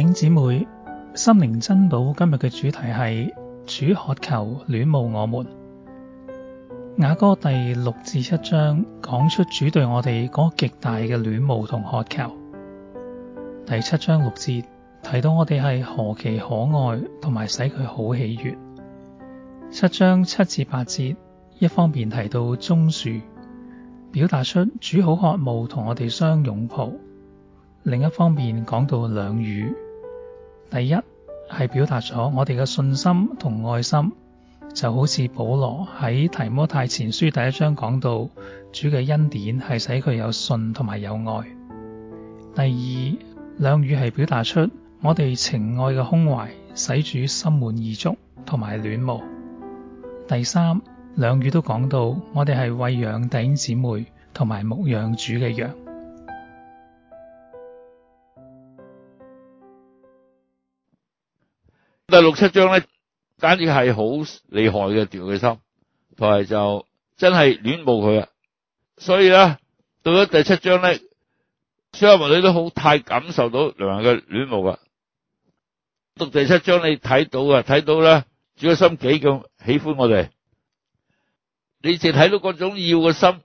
頂姊妹，心靈珍寶，今日嘅主題係主渴求、戀慕我們。雅歌第六至七章講出主對我哋嗰極大嘅戀慕同渴求。第七章六節提到我哋係何其可愛，同埋使佢好喜悅。七章七至八節一方面提到棕樹，表達出主好渴慕同我哋相擁抱；另一方面講到兩乳，第一係表達咗我哋嘅信心同愛心，就好似保羅喺提摩太前書第一章講到，主嘅恩典係使佢有信同埋有愛。第二兩語係表達出我哋情愛嘅胸懷，使主心滿意足同埋戀慕。第三兩語都講到，我哋係餵養弟兄姊妹同埋牧養主嘅羊。第六七章咧，簡直係好厲害嘅奪佢嘅心，同埋就真係戀慕佢啊！所以咧，到咗第七章咧，所有兒女都好太感受到良人嘅戀慕啊！讀第七章你睇到啊，睇到啦，主嘅心幾咁喜歡我哋，你淨睇到嗰種要嘅心、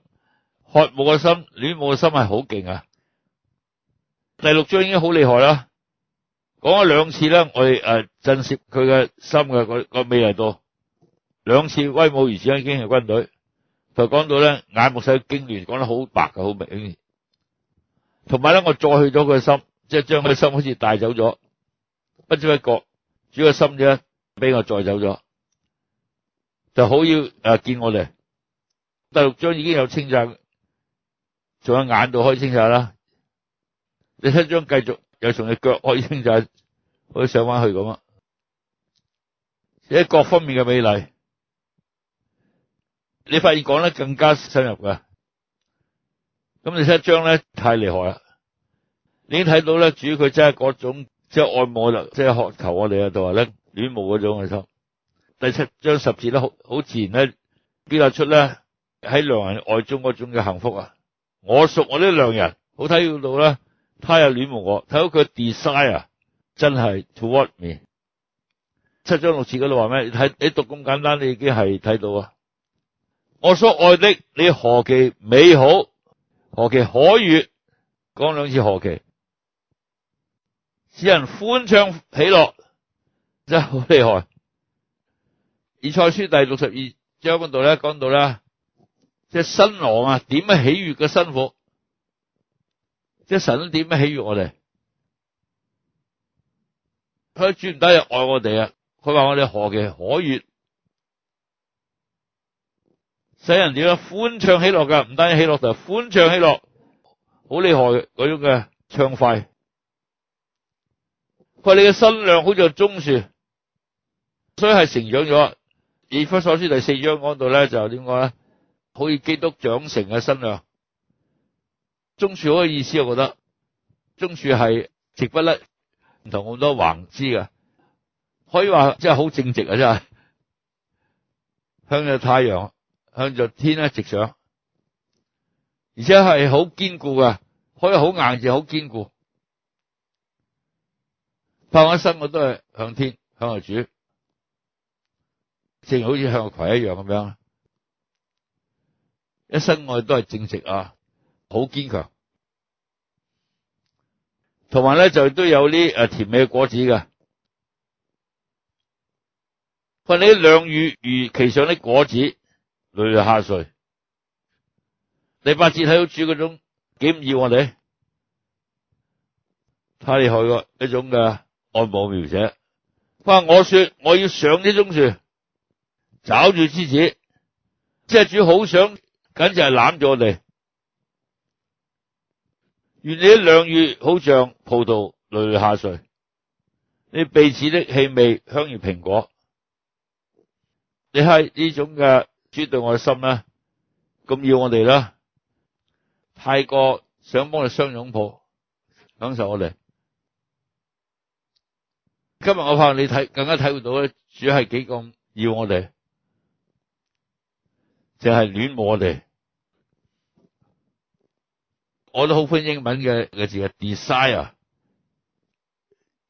渴慕嘅心、戀慕嘅心係好勁啊！第六章已經好厲害啦。講咗兩次咧，我哋誒震懾佢嘅心嘅，佢個尾係到兩次威武如神嘅軍隊，就講到咧眼目使驚亂，講得好白嘅，好明。同埋咧，我再去咗佢嘅心，即係將佢嘅心好似帶走咗，不知不覺主嘅心咧俾我再走咗，就好要誒見我哋第六章已經有清晒，仲喺眼度可以清晒啦。第七章繼續。又從隻腳，我已經就係可以上翻去咁啊！一各方面嘅美麗，你發現講得更加深入嘅。咁第七章咧太厲害啦，你已經睇到咧，主要佢真係嗰種即係、就是、愛慕即係渴求我哋啊！度話咧，戀慕嗰種心。第七章十字咧，好好自然咧表達出咧喺良人愛中嗰種嘅幸福啊！我屬我呢良人，好睇到啦。他又戀慕我，睇到佢 desire 啊，真係 toward me。七章六節嗰度話咩？你睇你讀咁簡單，你已經係睇到啊！我所愛的，你何其美好，何其可悅，講兩次何其，使人歡暢喜樂，真係好厲害。而賽書第六十二章嗰度咧，講到咧，即新郎啊，點樣喜悅嘅新婦？即係神點樣喜悅我哋？佢主唔單止愛我哋啊，佢話我哋何其可悅，使人哋啊歡暢喜樂噶，唔單止喜樂，就歡暢喜樂，好厲害嗰種嘅暢快。佢話你嘅身量好似棕樹，所以係成長咗。以弗所書第四章嗰度咧就點講咧？好似基督長成嘅身量。中柱嗰個意思，我覺得棕樹係直不甩，唔同好多橫枝噶，可以話真係好正直啊！真係向著太陽，向著天一直上，而且係好堅固噶，可以好硬又好堅固。但我一生我都係向天向外主，正好似向個葵一樣咁樣，一生我哋都係正直啊！好堅強，同埋咧就都有啲誒甜美嘅果子嘅。佢話你兩乳，如其上啲果子累累下垂。第八節睇到主嗰種幾唔易我哋，他哋去過一種嘅愛慕描寫。不過我說我要上呢棕樹，抓住枝子，即係主好想，緊就係攬住我哋。原來願你的兩乳好，好像葡萄累累下垂，你鼻子的氣味，香如蘋果，你係呢種嘅絕對愛心咧，咁要我哋啦，太過想幫你相擁抱，享受我哋。今日我怕你睇更加體會到咧，主要係幾噉要我哋，淨係戀慕我哋。我都好歡英文嘅嘅字，desire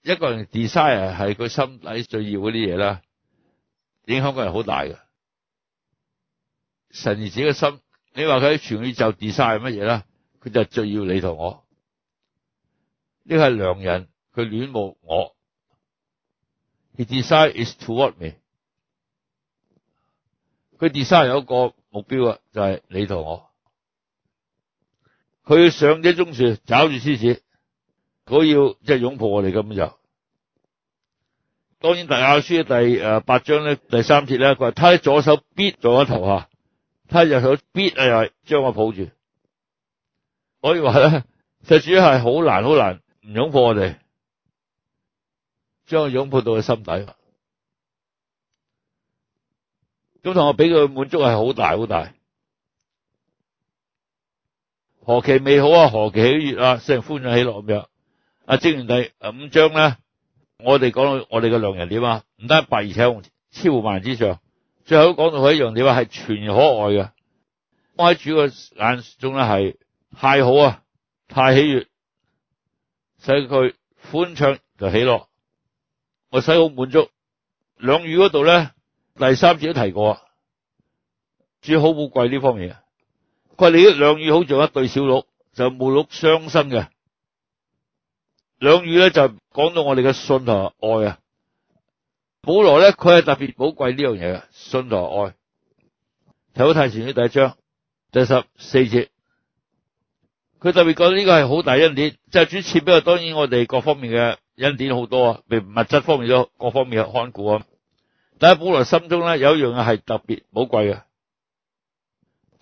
一個人 desire 係佢心底最要嗰啲嘢啦，影響個人好大嘅。神而自己嘅心，你話佢喺全宇宙 desi 就 desire 係乜嘢咧？佢就最要你同我，呢個係良人，佢戀慕我。His desire is toward me。佢 desire 有一個目標啊，就係、是、你同我。佢上住棕樹，抓住枝子，佢要即係擁抱我哋咁就。當然雅歌書第誒八章咧第三節咧，佢話他喺左手必左我頭下，他右手必啊又將我抱住。可以話咧，神主係好難好難唔擁抱我哋，將我擁抱到佢心底。咁同我俾佢滿足係好大好大。很大何其美好啊！何其可悅啊！使人歡暢喜樂咁樣。雅歌第五章咧，我哋講到我哋嘅良人點啊？唔單係白而且紅，超乎萬人之上，最後都講到佢一樣點啊？係全可愛嘅，喺主嘅眼中咧係太好啊，太喜悅，使佢歡暢就喜樂，我使好滿足。兩語嗰度咧，第三節都提過、啊，主要好寶貴呢方面啊。佢哋啲兩乳好似一對小鹿，就母鹿雙生嘅。兩乳咧就講到我哋嘅信啊、愛啊。保羅咧，佢係特別寶貴呢樣嘢嘅，信同愛。睇好提前嘅第一章第十四節，佢特別講呢個係好大恩典，就轉切俾我。當然我哋各方面嘅恩典好多啊，譬如物質方面都各方面看顧啊。但係保羅心中咧有一樣嘢係特別寶貴嘅。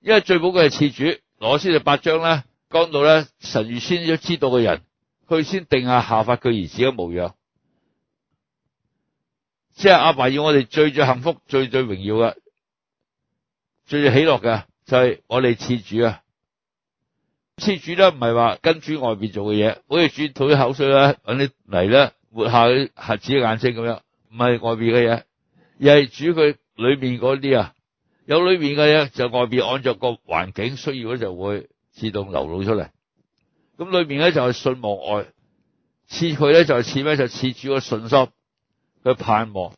因為最寶貴係似主，攞先就八章咧，講到咧神預先都知道嘅人，佢先定下效法佢兒子嘅模樣。即係阿爸要我哋最最幸福、最最榮耀嘅、最最喜樂嘅，就係、是、我哋似主啊！似主咧唔係話跟住外邊做嘅嘢，好似主吐啲口水啦，搵啲泥咧抹下佢瞎子嘅眼睛咁樣，唔係外邊嘅嘢，而係主佢裏面嗰啲啊！有裏面嘅嘢，就外邊按着個環境需要咧，就會自動流露出嚟。咁裏面咧就係信望愛，視佢咧就係視咩？就視住個信心、去盼望，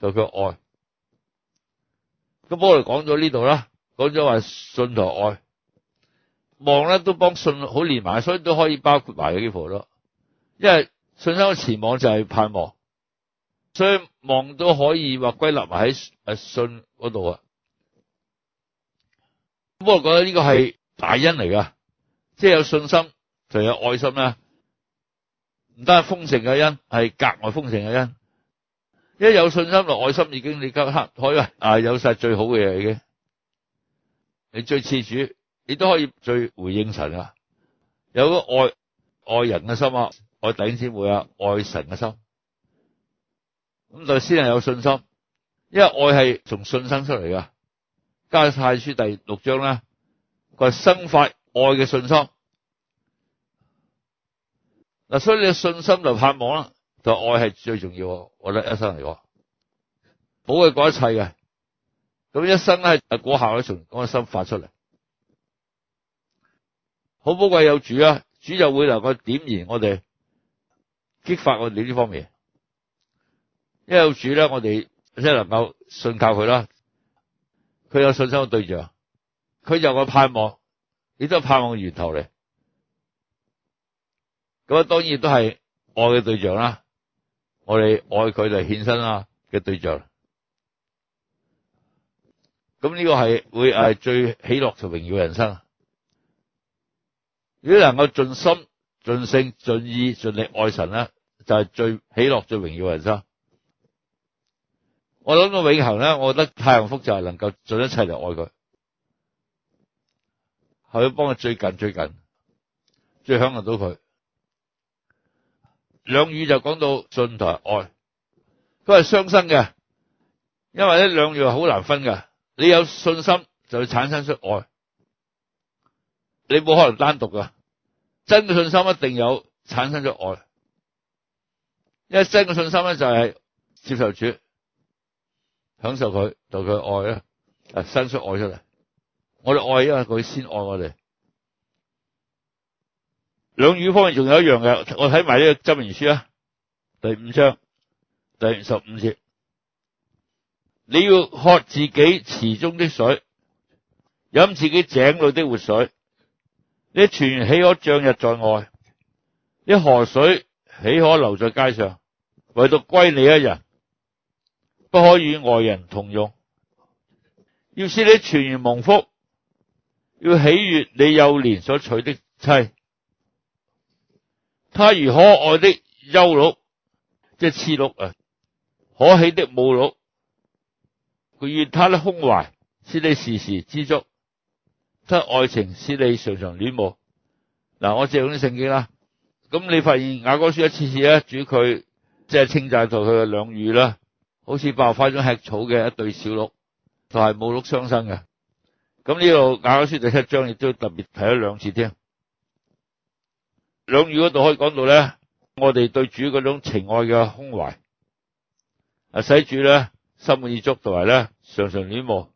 就佢愛。咁我哋講咗呢度啦，講咗話信同愛望咧，都幫信好連埋，所以都可以包括埋嘅。幾乎咯。因爲信心嘅前望就係盼望，所以望都可以話歸納埋喺誒信嗰度啊。我覺得呢個係大恩嚟噶，即係有信心，就有愛心啦。唔單係豐盛嘅恩，係格外豐盛嘅恩。一有信心同愛心，已經你家黑可以啊，有晒最好嘅嘢嘅。你最次主，你都可以最回應神啊。有個愛愛人嘅心啊，愛弟兄姊妹啊，愛神嘅心。咁就先係有信心，因為愛係從信心出嚟噶。加泰書第六章啦，佢係生發愛嘅信心。嗱，所以你嘅信心就盼望啦，就愛係最重要的。我覺得一生嚟講，寶貴過一切嘅。咁一生咧，就果效咧從嗰個生發出嚟，好寶貴有主啊！主就會能夠點燃我哋，激發我哋呢方面。一有主咧，我哋即係能夠信靠佢啦。佢有信心嘅對象，佢有個盼望，亦都係盼望嘅源頭嚟。咁啊，當然都係愛嘅對象啦。我哋愛佢哋獻身啦嘅對象。咁呢個係會係最喜樂同榮耀人生。如果能夠盡心、盡性、盡意、盡力愛神咧，就係、是、最喜樂、最榮耀人生。我諗到永恆咧，我覺得太幸福就係能夠做一切嚟愛佢，去幫佢最近最近，最享受到佢。兩語就講到信同愛，佢係相生嘅，因為呢兩樣好難分噶。你有信心就會產生出愛，你冇可能單獨噶。真嘅信心一定有產生咗愛，因為真嘅信心咧就係接受主。享受佢，待佢愛啊，啊，伸出愛出嚟。我哋愛啊，佢先愛我哋。兩乳方面仲有一樣嘅，我睇埋呢個《箴言書》啊，第五章第十五節。你要喝自己池中的水，飲自己井裡的活水。你泉源豈可漲溢在外？你河水豈可流在街上？唯獨歸你一人。不可與外人同用，要使你全然蒙福，要喜悅你幼年所娶的妻，他如可愛的麀鹿，即係雌鹿啊，可喜的母鹿，佢願他的胸懷，使你時時知足；得愛情是蠢蠢蠢蠢，使你常常戀慕。嗱，我借用啲聖經啦，咁你發現雅歌書一次次咧，主佢即係稱讚到佢嘅兩乳啦。好似百花中吃草嘅一對小鹿，就係母鹿雙生嘅。咁呢度雅歌書第七章亦都特別提咗兩次添。兩乳嗰度可以講到咧，我哋對主嗰種情愛嘅胸懷，啊使主咧心滿意足，同埋咧常常戀慕，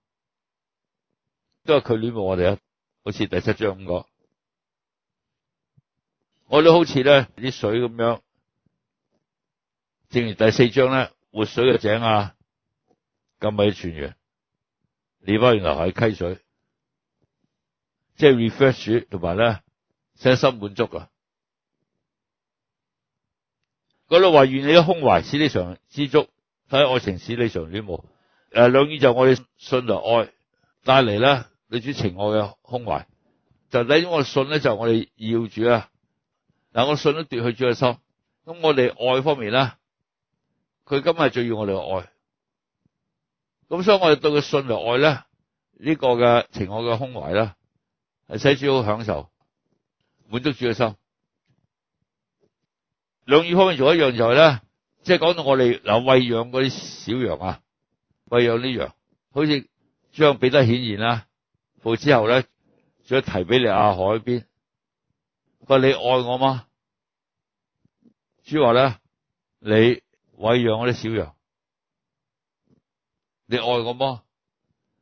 都係佢戀慕我哋啊。好似第七章咁講，我都好似咧啲水咁樣，正如第四章咧。活水嘅井啊，金米串完，你翻原來係溪水，即係 refresh 同埋咧，身心滿足啊！嗰度話願你嘅胸懷使你常知足，喺愛情使你常戀慕。誒，兩語就我哋信同愛帶嚟咧，你主情愛嘅胸懷，就你我信咧就我哋要主啊！嗱，我信都奪去主嘅心，咁我哋愛方面咧。佢今日最要我哋嘅愛，咁所以我哋對佢信嚟愛咧，呢個嘅情愛嘅胸懷咧，係使主好享受，滿足主嘅心。兩乳方面仲有一樣就係咧，即係講到我哋嗱餵養嗰啲小羊啊，餵養啲羊，好似將彼得顯現啦，之後咧，再提比哩亞海邊，佢話你愛我嗎？主話咧，你。餵養我啲小羊，你愛我嗎？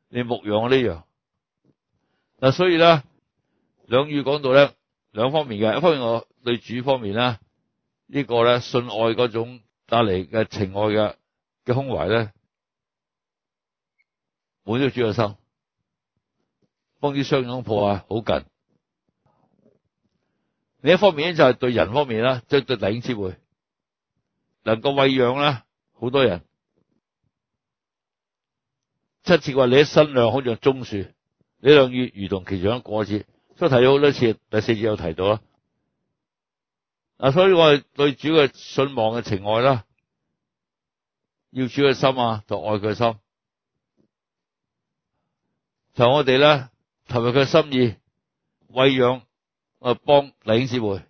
你牧養我呢羊。嗱、啊、所以咧兩語講到咧兩方面嘅，一方面我對主方面啦，這個、呢個咧信愛嗰種帶嚟嘅情愛嘅嘅胸懷咧，呢個主嘅心，幫啲傷痛破啊，好近。另一方面咧就係對人方面啦，即、就、係、是、對領子會。能夠餵養啦，好多人。七次話你嘅身量好似棕樹，樹，兩兩乳如同其中一個節，所以提咗好多次。第四節有提到啦。所以我哋對主嘅信望嘅情愛啦，要主嘅心啊，就愛佢嘅心，就我哋咧，尋覓佢嘅心意，餵養啊，幫弟兄姊妹。